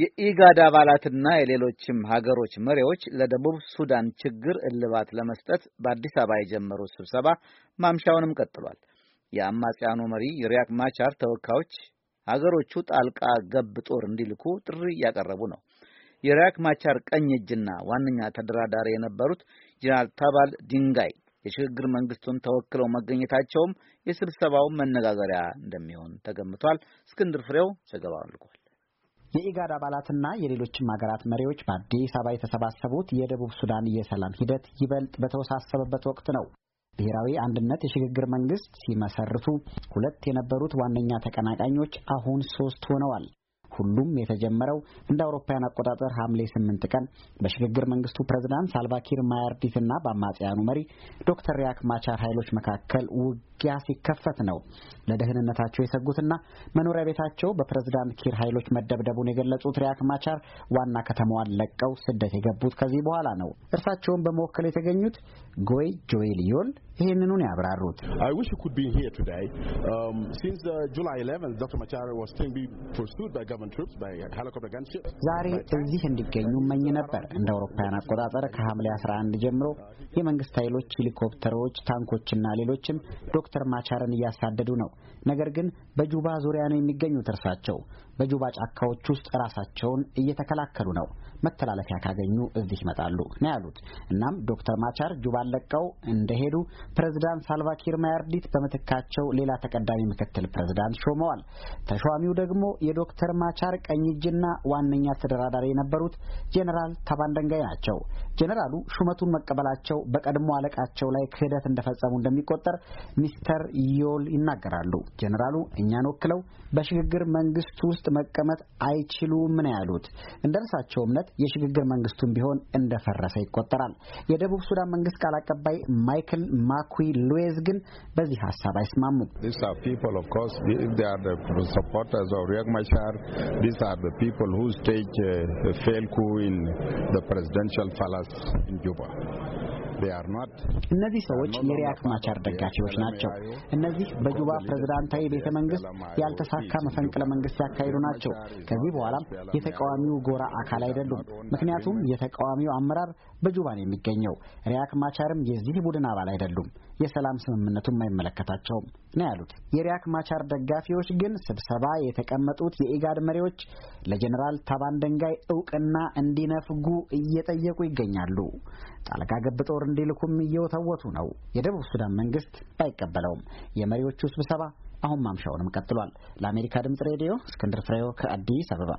የኢጋድ አባላትና የሌሎችም ሀገሮች መሪዎች ለደቡብ ሱዳን ችግር እልባት ለመስጠት በአዲስ አበባ የጀመሩት ስብሰባ ማምሻውንም ቀጥሏል። የአማጽያኑ መሪ ሪያክ ማቻር ተወካዮች ሀገሮቹ ጣልቃ ገብ ጦር እንዲልኩ ጥሪ እያቀረቡ ነው። የሪያክ ማቻር ቀኝ እጅና ዋነኛ ተደራዳሪ የነበሩት ጀነራል ታባል ዲንጋይ የሽግግር መንግስቱን ተወክለው መገኘታቸውም የስብሰባው መነጋገሪያ እንደሚሆን ተገምቷል። እስክንድር ፍሬው ዘገባውን ልኳል። የኢጋድ አባላትና የሌሎችም ሀገራት መሪዎች በአዲስ አበባ የተሰባሰቡት የደቡብ ሱዳን የሰላም ሂደት ይበልጥ በተወሳሰበበት ወቅት ነው። ብሔራዊ አንድነት የሽግግር መንግስት ሲመሰርቱ ሁለት የነበሩት ዋነኛ ተቀናቃኞች አሁን ሶስት ሆነዋል። ሁሉም የተጀመረው እንደ አውሮፓውያን አቆጣጠር ሐምሌ ስምንት ቀን በሽግግር መንግስቱ ፕሬዝዳንት ሳልቫኪር እና በአማጽያኑ መሪ ዶክተር ሪያክ ማቻር ኃይሎች መካከል ውጊያ ሲከፈት ነው። ለደህንነታቸው የሰጉትና መኖሪያ ቤታቸው በፕሬዝዳንት ኪር ኃይሎች መደብደቡን የገለጹት ሪያክ ማቻር ዋና ከተማዋን ለቀው ስደት የገቡት ከዚህ በኋላ ነው። እርሳቸውን በመወከል የተገኙት ጎይ ጆይ ሊዮል ይህንኑን ያብራሩት um, uh, ዛሬ እዚህ እንዲገኙ መኝ ነበር። እንደ አውሮፓውያን አቆጣጠር ከሐምሌ 11 ጀምሮ የመንግስት ኃይሎች ሄሊኮፕተሮች፣ ታንኮችና ሌሎችም ዶክተር ማቻርን እያሳደዱ ነው። ነገር ግን በጁባ ዙሪያ ነው የሚገኙት። እርሳቸው በጁባ ጫካዎች ውስጥ ራሳቸውን እየተከላከሉ ነው። መተላለፊያ ካገኙ እዚህ ይመጣሉ ነው ያሉት። እናም ዶክተር ማቻር ጁባን ለቀው እንደሄዱ ፕሬዝዳንት ሳልቫኪር ማያርዲት በምትካቸው ሌላ ተቀዳሚ ምክትል ፕሬዝዳንት ሾመዋል። ተሿሚው ደግሞ የዶክተር ማቻር ቀኝ እጅና ዋነኛ ተደራዳሪ የነበሩት ጄኔራል ታባንደንጋይ ናቸው። ጄኔራሉ ሹመቱን መቀበላቸው በቀድሞ አለቃቸው ላይ ክህደት እንደፈጸሙ እንደሚቆጠር ሚስተር ዮል ይናገራሉ። ጄኔራሉ እኛን ወክለው በሽግግር መንግስት ውስጥ መቀመጥ አይችሉም ነው ያሉት። እንደ እርሳቸው እምነት የሽግግር መንግስቱም ቢሆን እንደፈረሰ ይቆጠራል። የደቡብ ሱዳን መንግስት ቃል አቀባይ ማይክል ማኩ ሉዌዝ ግን በዚህ ሀሳብ አይስማሙም። እነዚህ ሰዎች የሪያክ ማቻር ደጋፊዎች ናቸው። እነዚህ በጁባ ፕሬዝዳንታዊ ቤተ መንግስት ያልተሳካ መፈንቅለ መንግስት ያካሄዱ ናቸው። ከዚህ በኋላም የተቃዋሚው ጎራ አካል አይደሉም። ምክንያቱም የተቃዋሚው አመራር በጁባ ነው የሚገኘው። ሪያክ ማቻርም የዚህ ቡድን አባል አይደሉም። የሰላም ስምምነቱም አይመለከታቸውም ነው ያሉት። የሪያክ ማቻር ደጋፊዎች ግን ስብሰባ የተቀመጡት የኢጋድ መሪዎች ለጀኔራል ታባን ደንጋይ እውቅና እንዲነፍጉ እየጠየቁ ይገኛሉ። ጣልቃ ገብ ጦር እንዲልኩም እየወተወቱ ነው። የደቡብ ሱዳን መንግስት ባይቀበለውም የመሪዎቹ ስብሰባ አሁን ማምሻውንም ቀጥሏል። ለአሜሪካ ድምጽ ሬዲዮ እስክንድር ፍሬው ከአዲስ አበባ